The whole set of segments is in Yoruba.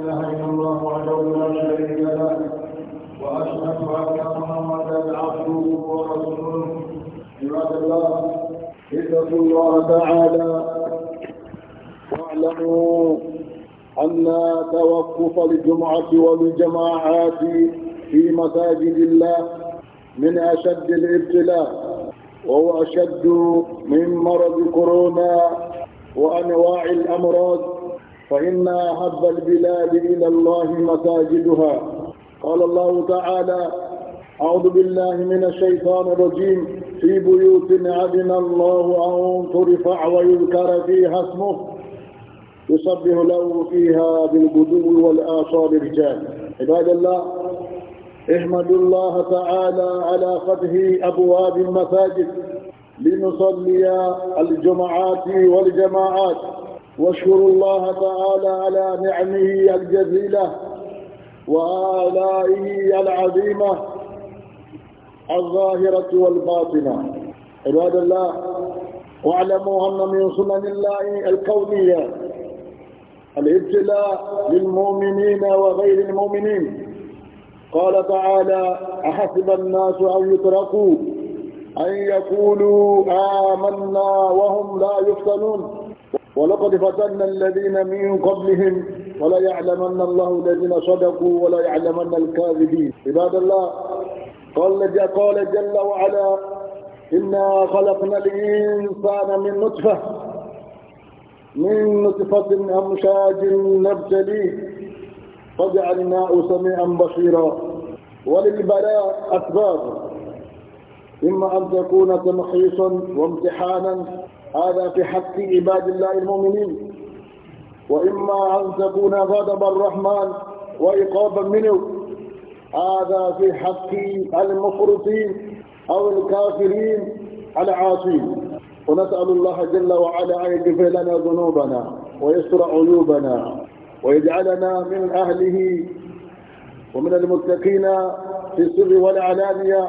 إله إلا الله وأشهد أن عباد الله اتقوا الله تعالى واعلموا أن توقف الجمعة والجماعات في مساجد الله من أشد الابتلاء وهو أشد من مرض كورونا وأنواع الأمراض فإن أحب البلاد إلى الله مساجدها قال الله تعالى أعوذ بالله من الشيطان الرجيم في بيوت عدن الله أن ترفع ويذكر فيها اسمه يسبح له فيها بالبدو والآصال رجال عباد الله احمدوا الله تعالى على فتح أبواب المساجد لنصلي الجمعات والجماعات واشكروا الله تعالى على نعمه الجزيلة وآلائه العظيمة الظاهرة والباطنة عباد الله واعلموا أن من سنن الله الكونية الابتلاء للمؤمنين وغير المؤمنين قال تعالى أحسب الناس أن يتركوا أن يقولوا آمنا وهم لا يفتنون ولقد فتنا الذين من قبلهم ولا يعلمن الله الذين صدقوا ولا يعلمن الكاذبين عباد الله قال قال جل وعلا إنا خلقنا الإنسان من نطفة من نطفة أمشاج نبتليه فجعلناه سميعا بصيرا وللبلاء أسباب إما أن تكون تمحيصا وامتحانا هذا في حق عباد الله المؤمنين وإما أن تكون غضب الرحمن وإقابا منه هذا في حق المفرطين أو الكافرين العاصين ونسأل الله جل وعلا أن يغفر لنا ذنوبنا ويستر عيوبنا ويجعلنا من أهله ومن المتقين في السر والعلانية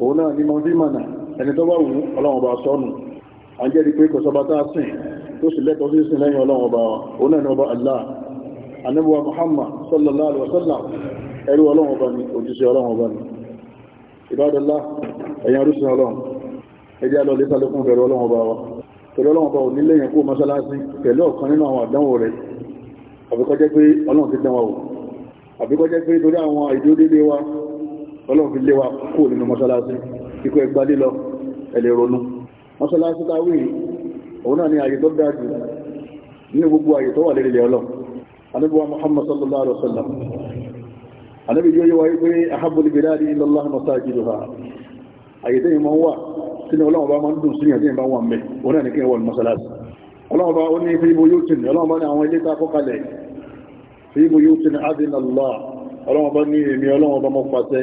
òun náà ní mọ́tí mọ̀nà ẹni tó bá wù ú ọlọ́run ọba sọ́nù à ń jẹ́rìí pé kò sọba tá a sìn tó sì lẹ́tọ̀ọ́ sí sìn lẹ́yìn ọlọ́run ọba òun náà ní ọba Allah anábíwá Muhammad sallallahu alaihi wasallam ẹrú ọlọ́run ọba ni òjíṣẹ́ ọlọ́run ọba ni ìbádọ́lá ẹ̀yàn orísun ọlọ́run ẹjẹ́ lọ lé sálẹ́kùn bẹ̀rẹ̀ ọlọ́run ọba wa pẹ̀lú ọlọ́run ọba òní lẹ́yìn kó mọ́sálásí pẹ̀lú ọ̀kan nínú àwọn àdánwò ọlọ́run fi lé wa kó nínú mọ́ṣáláṣí ikú ẹgbàdé lọ ẹ̀lẹ̀ ronú mọ́ṣáláṣí táwí òun náà ni àyè tó dájú nínú gbogbo àyè tó wà lérí ilẹ̀ ọlọ́ anábíwá muhammad sallallahu alaihi wasallam anábí yóò yíwa wípé ahabul biladi illallah masajiduha àyè tẹ́yìn máa ń wà sínú ọlọ́run bá máa ń dùn sí ìyàn tẹ́yìn bá wà mẹ́ òun náà ni kí wọ́n ní fi ibo bá mọ́ pàṣẹ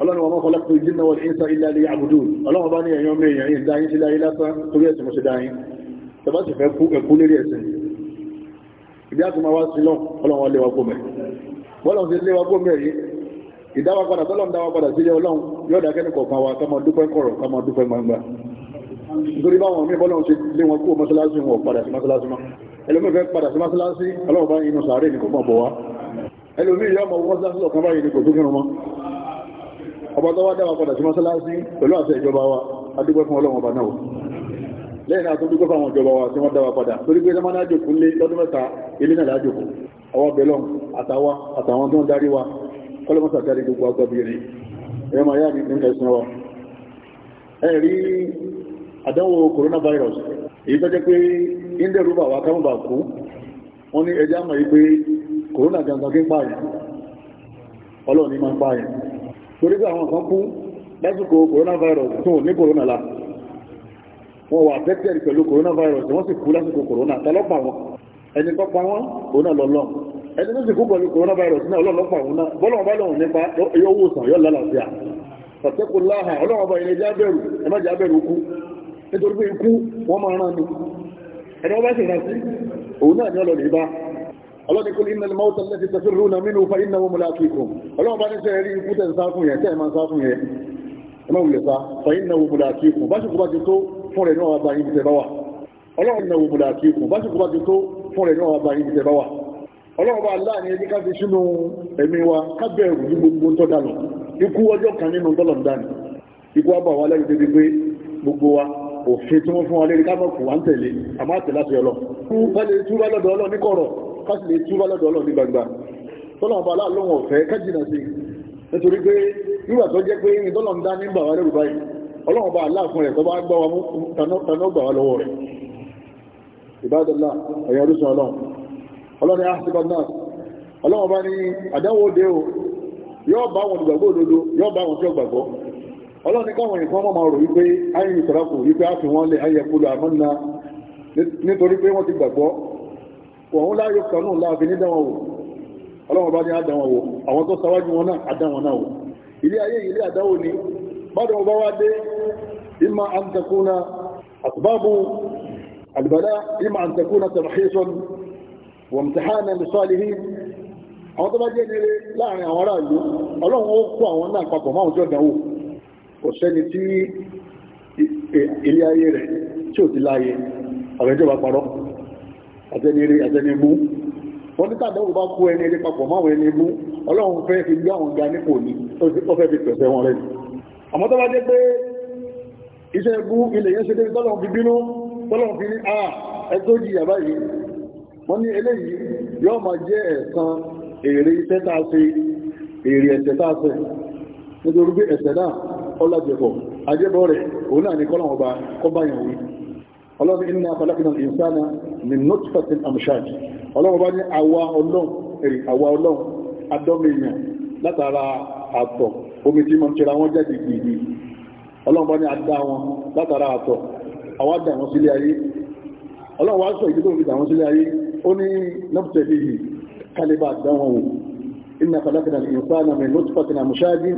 ọlọ́run wọn mọ́kànlá kò jína wọn ìsá ilẹ̀ alẹ́ àbúdó ọlọ́run bá ní ẹ̀yàn mẹ́yàn yìí dáyín sí láyé lásán torí ẹ̀sìn mọ́ṣẹ́ dáyín tẹ́bá sì fẹ́ kú ẹ̀kú lérí ẹ̀sìn ìdí àti máa wá sí lọ ọlọ́run wọn léwa gómẹ̀ bọ́lọ̀n sí léwa gómẹ̀ yìí ìdáwà padà tọ́lọ́n dáwà padà sílé ọlọ́run yóò dákẹ́ ní kọ̀ọ̀kan wa kọ́mọ dúpẹ́ kọ̀rọ̀ kọ́mọ dúpẹ́ gbangba nítorí báwọn míì bọ́lọ̀n sí lé ọba tó wá dáwà padà sí mọ́sálásí pẹ̀lú àṣẹ ìjọba wa adúgbẹ́ fún ọlọ́run ọba náà lẹ́yìn àti dúgbẹ́ fún àwọn ìjọba wa tí wọ́n dáwà padà torí pé sọ́mọ́ náà jòkó lé lọ́dún mẹ́ta ilé náà lájòkó ọwọ́ bẹ̀lọ́n àtàwa àtàwọn tó ń darí wa kọ́lọ́mọ́sà darí gbogbo agbábìnrin ẹ máa yá mi ní ẹ̀sìn coronavirus èyí tó jẹ́ pé indẹ́rù bà wá kámọ́ bà kú corona gangan kí ń pààyàn ọlọ́run ní máa ń pààyàn torí a àwọn kan kú lásìkò coronavirus tó ní corona la wọn wà affected pẹ̀lú coronavirus wọ́n sì kú lásìkò corona tọ́lọ́pàá wọn ẹni tó pa wọn òun lọ́lọ́ ẹni tó sì kú pẹ̀lú coronavirus náà ọlọ́lọ́pàá òun náà bọ́lọ̀ bá lọ́hùn nípa yóò wò sàn yóò lálàáfíà pàtẹ́kù láhà ọlọ́wọ́n bá ilé jábẹ̀rù ẹ má kú nítorí pé ikú wọ́n máa rán ni ẹni wọ́n bá sì òun náà ọlọ́ni kúrò iná mọ́ta lẹ́ti tafí rúnà mínú fa iná wọn múlá kíkò ọlọ́wọ́ bá ní sẹ́yẹ̀ rí ikú tẹ̀ ń sáfún yẹn tẹ́ ma sáfún yẹn ẹmọ́ wùlẹ̀ sá fa iná wọn múlá kíkò bá ṣùkú bá ti tó fún rẹ̀ náà bá yìí tẹ́bá wà ọlọ́run náà wọn múlá kíkò bá ṣùkú bá ti tó fún rẹ̀ náà bá yìí tẹ́bá wà ọlọ́run bá láà káṣí lè túbá lọ́dọ̀ ọlọ́run ní gbangba tọ́lọ̀ ọba aláàlóhùn ọ̀fẹ́ kájìnà sí nítorí pé nígbà tó jẹ́ pé ní tọ́lọ̀ ń dá ní gbàwá rẹ̀ rúbáyì ọlọ́run ọba aláàfún rẹ̀ tó bá gbà wá mú tanná gbà wá lọ́wọ́ rẹ̀ ìbádọ́lá ẹ̀yà orísun ọlọ́run ọlọ́run àṣìbá náà ọlọ́run ọba ní àdáwò òde o yóò bá wọn gbàgbọ́ òdodo yóò bá wọn tí ó gbàgbọ́ ọlọ́run káwọn ìfọ́n nítorí pé wọ́n ti gbàgbọ́ wọ̀n láyé kanú láàfin ní dáwọn wò ọlọ́wọ̀n bá ní àdáwọn wò àwọn tó sáwájú wọn náà àdáwọn náà wò ilé ayé ilé àdáwò ni bádọ̀ bá wá dé ima an takuna asbabu ima an takuna tarhison wa imtihana li àwọn tó bá jẹ́ nílé láàrin àwọn aráàlú ọlọ́run ó kó àwọn náà papọ̀ máa jọ ìdánwò kò sẹ́ni tí e, e, ilé ayé rẹ̀ tí ò ti láyé ọ̀rẹ́jọba parọ́ àtẹnire àtẹnimú wọ́n ní tàbí bá kó ẹni eré papọ̀ máwọn ẹni mú ọlọ́run fẹ́ fi gbé àwọn ga nípò ní ó fẹ́ fi pẹ̀sẹ̀ wọn rẹ̀ àmọ́ tó bá jẹ́ pé iṣẹ́ ẹgbú ilẹ̀ yẹn ṣe dé tọ́lọ̀n fi bínú tọ́lọ̀n fi ní àà ẹgbójì yàbá yìí wọ́n ní eléyìí yóò máa jẹ́ ẹ̀san èrè iṣẹ́ tá a ṣe èrè ẹ̀ṣẹ̀ tá a ṣẹ̀ nítorí pé ẹ̀ṣẹ̀ náà ọlájẹpọ̀ ajẹ́bọ̀ rẹ̀ òun náà ní kọ́lọ̀ ọba ọlọ́run iná kọlọ́kìnà ìsáná ní nọ́tífẹ̀tì àmúṣáàjì ọlọ́run bá ní àwa ọlọ́run èrè àwa ọlọ́run adọ́mìnà látara àtọ̀ omi tí ma ń tẹ́ra wọn jáde gbìgbì ọlọ́run bá ní adá wọn látara àtọ̀ àwa dà wọn sílé ayé ọlọ́run wá sọ ìdíbò ìdà wọn sílé ayé ó ní nọ́tífẹ̀tì yìí kálíbà dá wọn wò iná kọlọ́kìnà ìsáná ní nọ́tífẹ̀tì àmúṣáàjì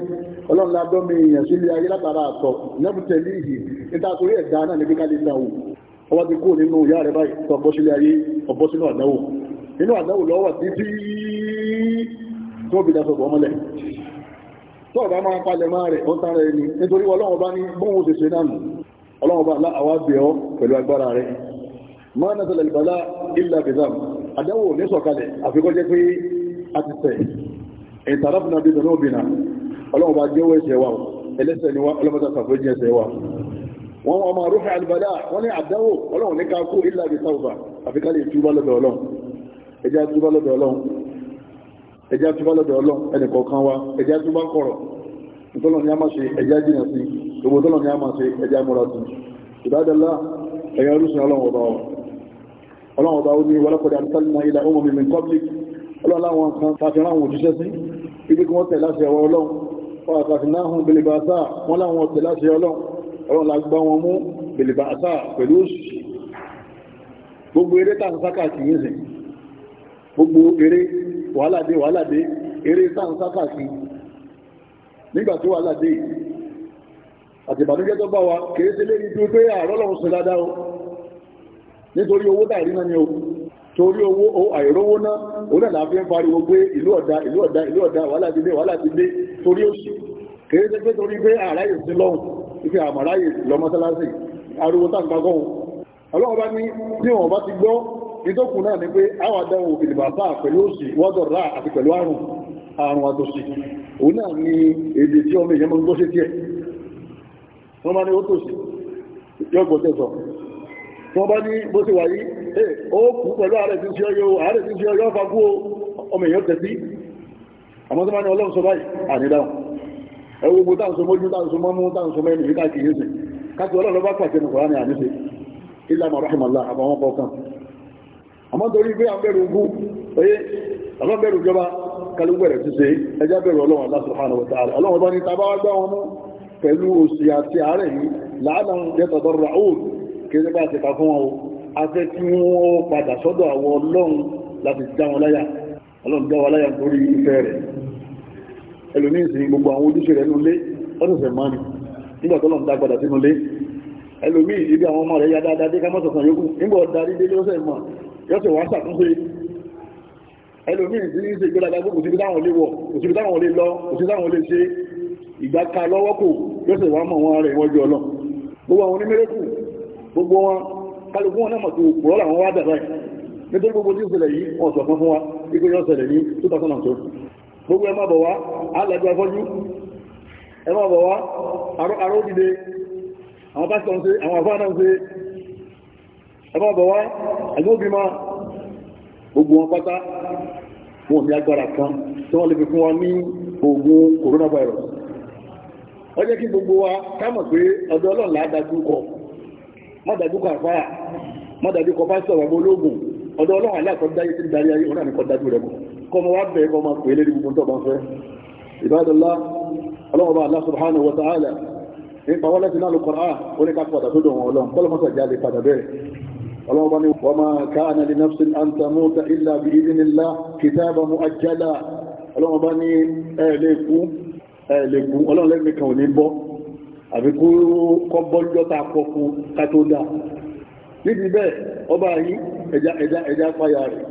ọlọ́run ládọ́mìnà sílé ayé látara àtọ̀ nọ́tífẹ̀tì yìí nítorí ẹ̀dá náà níbi ká ọwá ti kó nínú ìyá rẹ̀ báyìí tó ọgbọ́ sílé ayé ọgbọ́ sínú àdáwò nínú àdáwò lọ́wọ́ títí tó bí dasọ̀bọ̀ ọmọlẹ̀ tó ọ̀dá máa palẹ̀ máa rẹ̀ ó tán rẹ̀ ni nítorí ọlọ́wọ́ bá ní bóhun ṣe ṣe náà ọlọ́wọ́ bá láàwá bẹ̀ ọ́ pẹ̀lú agbára rẹ̀ máa nà sọlẹ̀ ìbálá ilẹ̀ bizam àdáwò wọ́n wọ́n máa rúfẹ́ àlùbádà wọ́n ní àdánwò ọlọ́run ní ká kú ilẹ̀ àbí sáwùfà àfi ká lè túbá lọ́dọ̀ ọlọ́run ẹjá túbá lọ́dọ̀ ọlọ́run ẹjá túbá lọ́dọ̀ ọlọ́run ẹnìkọ̀ọ̀kan wa ẹjá túbá kọ̀rọ̀ ìtọ́lọ̀ ni a máa ṣe ẹjá jìnà sí gbogbo tọ́lọ̀ ni a máa ṣe ẹjá múra sí ìdádọ́lá ẹ̀yà orísun ọlọ́run ọba wa ọlọ́run ọba ó ní wọlọ́pọ̀dé àtàlùmọ̀ ilẹ̀ ọmọ mi public ọlọ́run la gbá wọn mú bèlèbà àṣà pẹ̀lú òṣì gbogbo eré tàǹsákà sí yìí sìn gbogbo eré wàhálàdé wàhálàdé eré tàǹsákà sí nígbà tí wàhálàdé àti ìbànújẹ́ tó bá wa kìí sí léyìn tó pé ààrọ́ lọ́run sí dáadáa o nítorí owó dàrí náà ni o torí owó àìrówó náà òun náà láàfin pariwo pé ìlú ọ̀dá ìlú ọ̀dá ìlú ọ̀dá wàhálàdé wàhálàdé torí òṣì kìí sí pé torí pé ààrá ìsìn lọ́hùn ife àmàráyè lọ mọ́sálásì ariwo tàǹkà gọ́hùn ọlọ́run bá ní tí wọn bá ti gbọ́ ìtòkùn náà ni pé àwọn adáwọ̀ ìdìbàbà pẹ̀lú òsì wọ́dọ̀ rà àti pẹ̀lú àrùn àrùn àtòsí òun náà ni èdè tí ọmọ ìyẹn máa ń gbọ́ sí tiẹ̀ wọ́n bá ní ó tòsí yóò gbọ́ tẹ̀sọ̀ wọ́n bá ní bó ti wà yí ó kú pẹ̀lú ààrẹ tí ń ṣe ọyọ́ ààrẹ tí ń ṣe ọyọ́ fagú ọmọ ìyẹn tẹ̀sí àmọ́ tó bá ní ọlọ́run sọ báyìí ànídáhùn ẹwọ́ gbogbo táwọn sọmọ́jú táwọn sọmọ́mú táwọn sọmọ́ ẹni ìdá kìí ṣe káàkiri ọlọ́run bá pàṣẹ nù kọ́ránì àníṣe ilá mọ̀rọ̀hìmọ̀lá àbáwọn kọ̀ọ̀kan àmọ́ torí pé àbẹ̀rù ogún oyé àbẹ̀rù ìjọba kalúgbẹ̀rẹ̀ ẹlòmí ìsìn gbogbo àwọn ojúṣe rẹ̀ nulé ọdọ̀sẹ̀ mọ́ ni nígbà tó lọ́n dá padà sínú lé ẹlòmí ibi àwọn ọmọ rẹ̀ ya dáadáa dé kámọ́ sọ̀sán yókù nígbà ọ̀darí dé lọ́sẹ̀ mọ́ yọ́sẹ̀ wá ṣàtúnṣe ẹlòmí ìsìn ní ìsìn gbọ́dọ̀ gbogbo síbi táwọn lè wọ̀ kò síbi táwọn lè lọ kò síbi táwọn lè ṣe ìgbà ka lọ́wọ́ kò yọ́sẹ̀ wá mọ̀ wọn rẹ̀ wọ́n jọ lọ gbogbo àwọn onímẹ́rẹ́kù gbogbo wọn kálukú wọn náà mọ̀ tó pọ̀ làwọn wá dàbẹ̀ nítorí gbogbo tí ó ṣẹlẹ̀ yìí wọ́n sọ fún wa ikú yọ́ ṣẹlẹ̀ ní 2012 gbogbo ẹ má bọ̀ wá alẹ́gbẹ́ fọ́jú ẹ má bọ̀ wá arọ́ dìde àwọn pásítọ̀ ń ṣe àwọn àfáà náà ń ṣe ẹ má bọ̀ wá ẹgbẹ́ òbí ma gbogbo wọn pátá wọn ní agbára kan tí wọ́n lè fi fún wa ní oògùn coronavirus ó jẹ́ kí gbogbo wa ká mọ̀ pé ọ̀dọ̀ Ọlọ́run là á dájú kọ má dájú kọ àfáà má dájú kọ pásítọ̀ wà mọ́ ológun ọ̀dọ̀ Ọlọ́run aláàkọ́ dáyé tí ń darí ayé ọ̀nà àmì kọ́ dájú rẹ̀ bọ̀ kọmọ wá bẹ̀ẹ́ kọmọ pè lérí gbogbo tó bá fẹ́ ìbádọ́lá ọlọ́wọ́bá Allah subhanahu wa ta'ala nípa wọ́n láti náà lọ kọ̀rọ̀ orí ká padà tó dọ̀wọ̀n ọlọ́run kọ́lọ́ mọ́sà jáde padà bẹ́ẹ̀ ọlọ́wọ́bá ni wa ma kana li nafsin an tamuta illa bi idhnillah kitaban mu'ajjala ọlọ́wọ́bá ni ẹ̀ẹ́lẹ́kú ẹ̀ẹ́lẹ́kú ọlọ́run lẹ́mí kan ò ní bọ́ àbí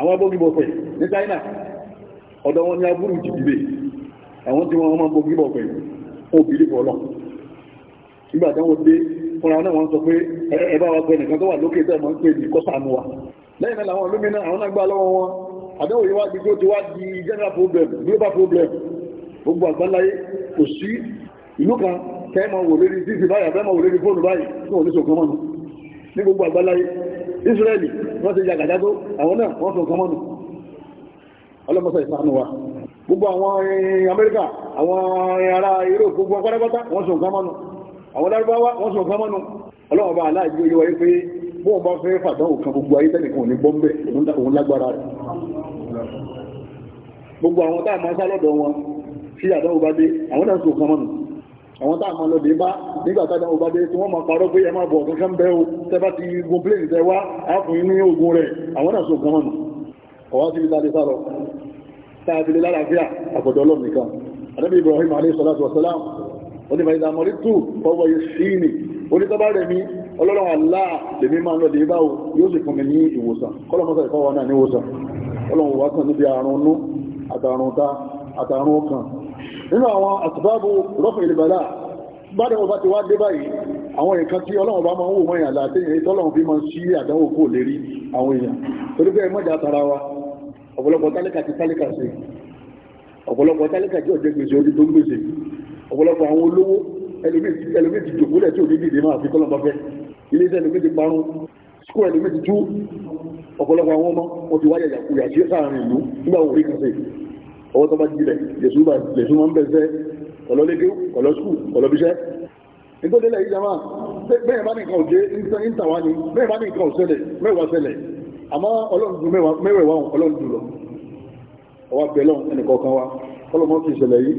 àwọn abógibọ̀ pẹ̀ ní China ọ̀dọ̀ wọn ni abúrú ti dìbè àwọn tí wọ́n máa bógibọ̀ pẹ̀ fún òbílẹ̀ fọ́lọ̀ nígbà tí wọ́n dé fúnra náà wọ́n sọ pé ẹ bá wa pẹ́ nìkan tó wà lókè tẹ́ mọ́ ń pè ní kọ́sàánú wa lẹ́yìn náà làwọn olómìnira àwọn náà gbà lọ́wọ́ wọn àdánwò yìí wá di tó ti wá di general problem global problem gbogbo àgbáláyé kò sí ìlú kan kẹ́ẹ̀mọ̀ wò lórí títì báyìí àbẹ́mọ̀ wò lórí fóònù báyìí tí wọ́n ní sọ̀kan mọ́nu ní gbogbo àgbáláyé Israeli wọ́n ti ya gàdágó àwọn náà wọ́n sọ̀kan mọ́nù ọlọ́mọsọ ìsànù wa gbogbo àwọn eh, Amẹ́ríkà àwọn eh, ará Europe gbogbo pátápátá wọ́n sọ̀kan mọ́nù àwọn lárúbáwá wọ́n sọ̀kan mọ́nù ọlọ́mọba aláàjú yóò wáyé pé bóun bá fẹ́ fàdánwò kan gbogbo ayé tẹ́nìkan ò ní bọ́m̀bẹ̀ òun lágbára rẹ̀ gbogbo àwọn táà máa àwọn tá àmọ́ lọ́dẹ̀ bá nígbàtàdà òbádé tí wọ́n ma parọ́ pé ẹ máa bọ̀ kankan bẹ́ o tẹ́bá ti gun pléèdì tẹ́ wá áàfún inú ogun rẹ̀ àwọn náà so gan ọwá sí ìtàdé sálọ táàbílé lálàáfíà àpọ̀dọ̀ ọlọ́run nìkan anábì Ibrahim alayhi salatu wasalam oníbàyìdà mọ̀lítù ọwọ́ yìí sí ni onítọ́bá rẹ̀ mi ọlọ́run Allah lèmi máa lọ dèébá o yóò sì fún mi ní ìwòsàn kọ́lọ́mọ́sà ìfọwọ́ náà ní ìwòsàn ọlọ́run wá kàn níbi àrùn nú àtàrùn ta àtàrùn ọkàn nínú àwọn àtìbábò rọ́fẹ̀ ìlúbàlá bádẹ̀wọ̀ bá ti wá dé báyìí àwọn nǹkan tí ọlọ́run bá máa ń wò mọ́ ìyàlá àti èyí tọ́lọ́run fi máa ń sí àdánwò kò lè rí àwọn èèyàn torí bẹ́ẹ̀ mọ́jà tara wa ọ̀pọ̀lọpọ̀ tálíkà ti tálíkà sí ọ̀pọ̀lọpọ̀ tálíkà jẹ́ ọ̀jẹ́ gbèsè orí tó ń gbèsè ọ̀pọ̀lọpọ̀ àwọn olówó ẹlòmíì ti jòkúlẹ̀ tí ò ní dìde máa fi tọ́lọ́ bá fẹ́ ilé iṣẹ́ ẹlòmíì ti parun skú ẹlòmíì ti tú ọ̀pọ̀lọpọ̀ àwọn ọmọ wọn ti wáyà yàkuyà sí sáàrin ìlú nígbà òwúrí kan sí owó tó bá jílẹ̀ lèṣù máa ń bẹ̀ṣẹ́ ọlọ́lẹ́gẹ́ ọlọ́sù ọlọ́bíṣẹ́ nígbódélẹ̀ yìí jama bẹ́ẹ̀ bá nìkan òjé ìtàwá ni bẹ́ẹ̀ bá nìkan òṣẹlẹ̀ mẹ́wàá ṣẹlẹ̀ àmọ́ ọlọ́dún mẹ́wàá ọlọ́dún lọ ọwá bẹ̀lọ́n ẹnìkọ̀ọ̀kan wa ọlọ́mọ fi ìṣẹ̀lẹ̀ yìí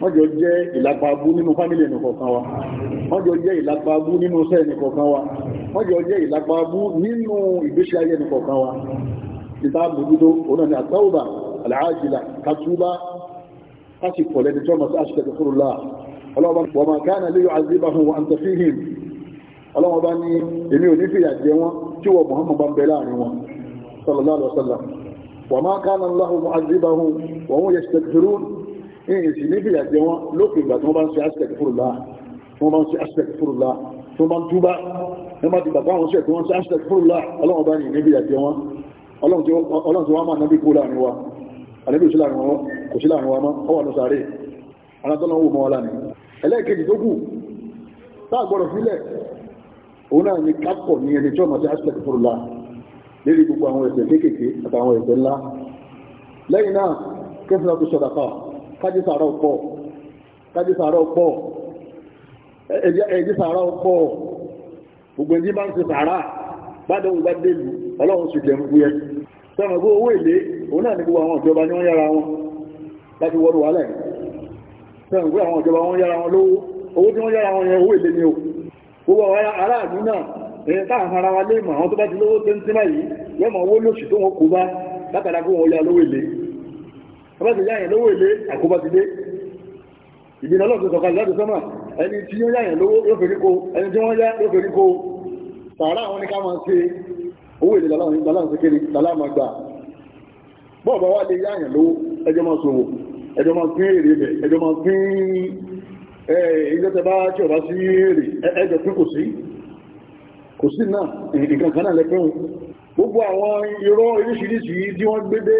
wọ́n jọ jẹ́ ìlàpá abú nínú fámílì ẹnìkọ̀ọ̀kan wa wọ́n jọ jẹ́ ìlàpá abú nínú iṣẹ́ ẹnìkọ̀ọ̀kan wa àlàájìlá kàtúbá láti pọ̀ lẹ́ni tó mọ̀sí àṣìkẹ̀kẹ̀ fúrù láà ọlọ́ọ̀bá wọ́n máa káàna lè yọ àzíbá hùn wọn àǹtà fi hìm ọlọ́ọ̀bá ní èmi ò ní fi àjẹ wọn tí wọ́n Muhammad bá ń bẹ láàrin wọn sallallahu alaihi wasallam wọ́n máa káàna láhù wọn àzíbá hùn wọ́n wọ́n yẹ ṣẹ̀kẹ̀fẹ̀rù ìyìn sì ní fi àjẹ wọn lókè ìgbà tí wọ́n bá ń ṣe àṣìkẹ̀kẹ̀ fúrù láà tí wọ́n bá ń ṣe àṣìkẹ̀kẹ̀ fúrù láà tí wọ́n bá ń túbá nígbà tí bàbá wọn ṣe tí wọ́n ṣe àṣìkẹ̀kẹ̀ fúrù láà ọlọ́ọ̀bá ní ìníbi àjẹ wọn ọlọ́run tí wọ́n máa nábì kó láàrin wa àlébì kò sí láàrin wọn mọ́ ọwọ́ lọ sàárè anátọ́nà owó mọ́ wọn lánìí ẹlẹ́ẹ̀kejì tó kù táà gbọ́dọ̀ sílẹ̀ òun náà ni kápọ̀ ní ẹni tí ọmọ sí aspect fúrúlá lérí gbogbo àwọn ẹ̀ṣẹ̀ kéékèèké àtàwọn ẹ̀ṣẹ̀ ńlá lẹ́yìn náà kẹfìlá tó sọ̀dà pa kájí sàárà ọ̀pọ̀ kájí sàárà ọ̀pọ̀ ẹ̀jí sàárà ọ̀pọ̀ gbogbo ẹ̀jí bá ń ṣe sàárà bá dẹ̀wò bá dẹ̀lù ọlọ́run sì jẹun owó èlé òun náà ní gbogbo àwọn ìjọba ní wọ́n yára wọn láti wọ́n wàhálà yìí fẹ́ràn ni o gbogbo aráàlú náà èyí táà ń ara wa lé mọ̀ àwọn tó bá ti lówó téńté báyìí yóò mọ̀ owó lóṣù tó wọn kó bá látara kó wọn yá lówó èlé ọba ti yáyàn lówó èlé àkóbá ti dé ìgbìnà ọlọ́dún sọ̀kan láti sọ́mà ẹni tí ó yáyàn lówó yóò fèrí ko bọ́ọ̀bá wá lè yáyàn lówó ẹjọ́ máa sọ̀wọ̀ ẹjọ́ máa pín èrè rẹ̀ ẹjọ́ máa pín ìjọ́tẹ̀bá tí ọba sí èrè ẹjọ́ pín kò sí kò sí náà nǹkan kan náà lẹ́pẹ́hùn gbogbo àwọn irọ́ oríṣiríṣi tí wọ́n gbédé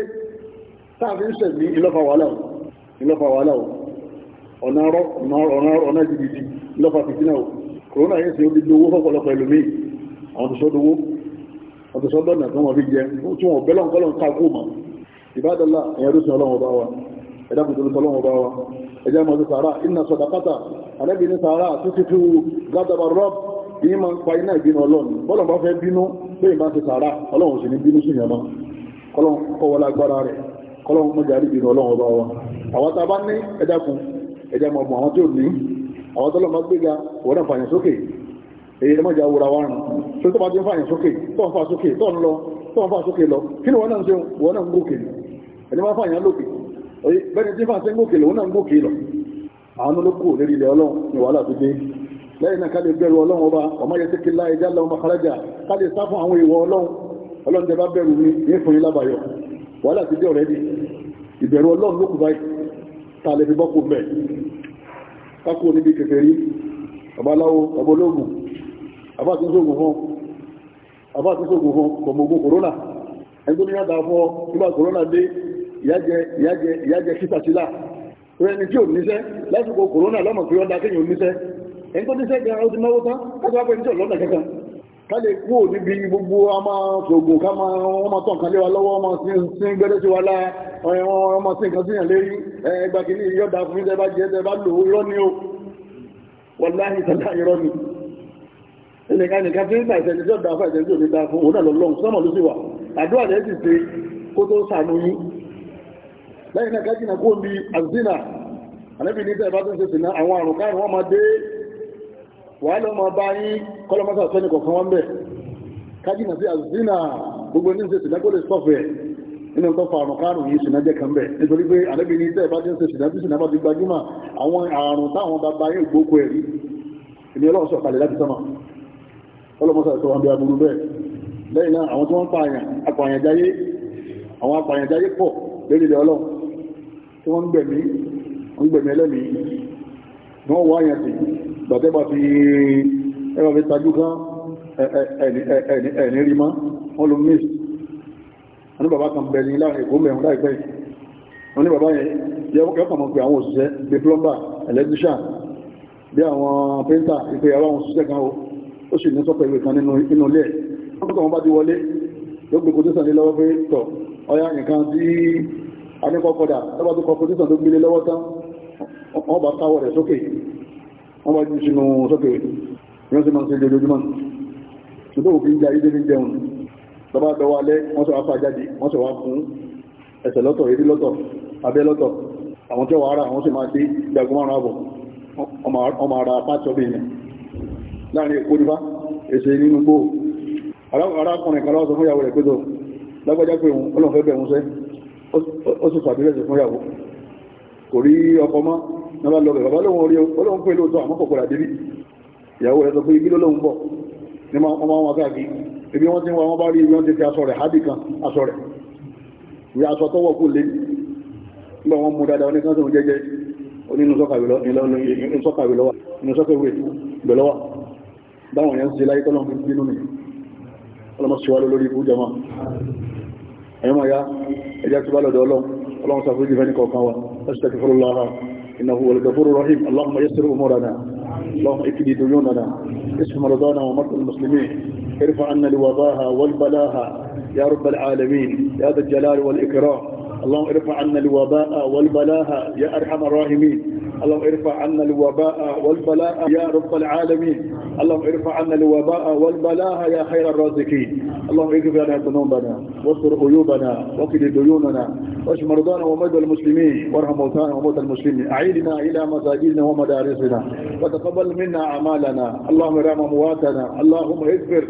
táàfin sẹ̀ ní ìlọ́fà wàhálà ọ̀nà jìbìtì ìlọ́fà fìtínà kòrónà yìí sí ó dídó owó fọ́pọ̀lọpọ̀ ẹlòmíì àwọn tó sọ́dọ̀ owó àwọn tó sọ́dọ̀ ọ̀nà tó wọ́n fi jẹ tí wọ́n bẹ́lọ̀ ń kọ́lọ̀ ń ká kó mọ̀ ìbádọ́lá ẹ̀yẹn rúṣin ọlọ́run bá wa ẹ̀dá kùtù rúṣin ọlọ́run bá wa ẹjẹ́ mọ̀ sí sàárà iná sọ̀dàkátà alẹ́bí ní sàárà títí tú gádàbà rọ́b yìí máa ń pa iná ìbínú ọlọ́run bọ́lọ̀ bá fẹ́ bínú lẹ́yìn bá ti sàárà ọlọ́run sì ní bínú sí ìyàmá kọlọ́n kọwọlá agbára rẹ̀ kọlọ́n mọ́jà rí ìbínú ọlọ́run bá wa àwọn tá a bá ní ẹ̀dá kun ẹjẹ́ mọ̀ mọ̀ àwọn tí ò ní àwọn tọ́lọ́ tó bá ti ń sókè tó sókè tó lọ tó sókè lọ kí ni wọ́n náà ń ṣe wọ́n náà ń gòkè ẹni wá fàyàn lókè bẹ́ẹ̀ni tí fàṣẹ ń lòun náà ń gòkè lọ àwọn olókù lérí ilẹ̀ ọlọ́run ní wàhálà dé lẹ́yìn náà ká bẹ̀rù ọlọ́run ọba ọmọ yẹn tẹ́kí láì já lọ́wọ́ makaraja ká sá fún àwọn ìwọ ọlọ́run ọlọ́run tẹ bẹ̀rù mi ní fún yín lábàáyọ wàhálà ti dé ọ̀rẹ́ ìbẹ̀rù ọlọ́run ló kù báyìí ká lè fi bọ́ kó bẹ̀ ẹgbẹ́ mi yá dáa fún nígbà kòrónà dé ìyájẹ kíkàtílà rẹ̀ ní kí o níṣẹ́ lásìkò kòrónà lọ́mọ̀ pé ọ́dá kéyàn níṣẹ́ ẹni tó níṣẹ́ gan ọdún náwó tán kájọ kankan ká lè kú ò gbogbo a máa sògùn ká máa tàn kan lé lọ́wọ́ wọ́n sí gbẹ́dẹ́ sí wa lá wọ́n sí nǹkan síyàn lérí ẹgbà kìíní yọ̀dà fún ìṣẹ́ jẹ́ ẹ̀ṣẹ́ lò ó irọ́ ni ó wàláhì tàbí ni nìkan tí ń tí fún lẹ́yìn náà kájínà kó bí azina anábì ní tẹ́ẹ̀bá tó ń sèsì náà àwọn àrùn káàrùn wọ́n máa dé wà lọ máa bá yín kọlọmọ́sà sọ́ni kọ̀ọ̀kan wọ́n bẹ̀ kájínà sí azina gbogbo ní sèsì náà kó lè sọ́fẹ̀ nínú tó fa àrùn káàrùn yìí sìnà jẹ́ kan bẹ̀ nítorí pé anábì ní tẹ́ẹ̀bá tó ń sèsì náà bí sìnà bá ti gbajúmọ̀ àwọn àrùn táwọn bàbá yín gbókò ẹ̀rí ìní ọlọ́run sọ̀kalẹ̀ láti sọ́mà ọlọ́mọ́sà sọ wọn bí aburú bẹ́ẹ̀ lẹ́yìn náà àwọn tí wọ́n ń pààyàn apààyàn jáyé àwọn apààyàn jáyé pọ̀ lórí ilẹ̀ ọlọ́run tí wọ́n ń gbẹ̀mí ń gbẹ̀mí ẹlẹ́mìí ni wọ́n wá yẹn sí gbàtẹ́bà ti ẹwà fi tajú kan ẹ̀ẹ̀ni rí má wọ́n ló mí wọ́n ní bàbá kan bẹ̀ ní láàrin èkó mẹ́rin láìpẹ́ wọ́n ní bàbá yẹn yẹ́ kàn mọ́ pé àwọn òṣìṣẹ́ bí plumber electrician bí àwọn painter ìpè àwọn òṣìṣẹ́ kan ó sì ní sọ́pẹ̀ ìwé kan nínú ilé ẹ̀ wọ́n tó wọ́n bá ti wọlé yóò gbogbo tó sàn ní lọ́wọ́ pé tọ̀ ọya nǹkan a ní kọ́kọ́dà lọ́wọ́ tó kọ́kọ́ tíṣàn tó gbélé lọ́wọ́ tán wọ́n bá káwọ́ rẹ̀ sókè wọ́n bá jù sínú sókè yọ́n sì máa ń ṣe lójoojúmọ́ ṣùgbọ́n òfin jẹ ayé ní jẹun lọ́ba dọwọ́ alẹ́ wọ́n sọ wá fà jáde wọ́n sọ wá fún ẹsẹ̀ lọ́tọ̀ èdè lọ́tọ̀ abẹ́ lọ́tọ̀ àwọn tí wàá rà wọ́n sì máa dé jagun márùn àbọ̀ ọmọ ara pàtó bí yẹn láàrin èkó nípa èsè nínú gbòó arákùnrin kan lọ́wọ́ sọ fún ìyàwó rẹ̀ pé tó lágbájá pé òun ọlọ́fẹ́ bẹ̀ ń sẹ́ ó sì fàbílẹ̀sì fún ìyàwó kò rí ọkọ mọ́ náà lọ bẹ̀rẹ̀ bá lóun orí olóhun pé lóòótọ́ àmọ́ kòkòrò àdébí ìyàwó rẹ̀ sọ pé ibi lóhun bọ̀ ní ọmọ wọn káàkiri ibi wọ́n ti ń wá wọ́n bá rí ibi wọ́n ti fi aṣọ rẹ̀ hábì kan aṣọ rẹ̀ ìyá aṣọ tó wọ̀ kú lé nígbà wọn mú dáadáa oníkan tó ń jẹ́jẹ́ onínú sọ́kàwé lọ́wọ́ inú sọ́kàwé lọ́wọ́ báwọn yẹn ń ṣe láyé tọ́lọ́ ọlọ́mọ ṣíwá lórí ikú jama ẹ̀yọ́ máa ya ẹjá tó bá lọ́dọ̀ ọlọ́run ọlọ́run sàfúrújì fẹ́ ní kọ̀ọ̀kan wa أستغفر الله إنه هو الغفور الرحيم اللهم يسر أمورنا اللهم اكد ديوننا اسم مرضانا ومرضى المسلمين ارفع عنا الوباها والبلاها يا رب العالمين يا ذا الجلال والإكرام اللهم ارفع عنا الوباء والبلاها يا أرحم الراحمين اللهم ارفع عنا الوباء والبلاء يا رب العالمين اللهم ارفع عنا الوباء والبلاء يا خير الرازقين اللهم اغفر لنا ذنوبنا واستر عيوبنا وقد ديوننا واشف مرضانا ومرضى المسلمين وارحم موتانا وموتى المسلمين أعيدنا إلى مساجدنا ومدارسنا وتقبل منا أعمالنا اللهم رحم مواتنا اللهم اغفر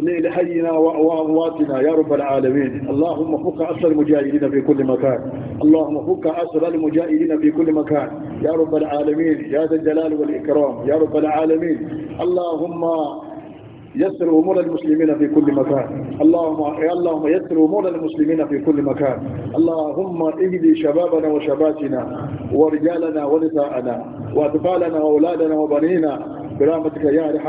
لحينا وأمواتنا يا رب العالمين اللهم فك أسر المجاهدين في كل مكان اللهم فك أسر المجاهدين في كل مكان يا رب العالمين يا ذا الجلال والإكرام يا رب العالمين اللهم يسر أمور المسلمين في كل مكان اللهم اللهم يسر أمور المسلمين في كل مكان اللهم اهدي شبابنا وشباتنا ورجالنا ونساءنا وأطفالنا وأولادنا وبنينا برحمتك يا أرحم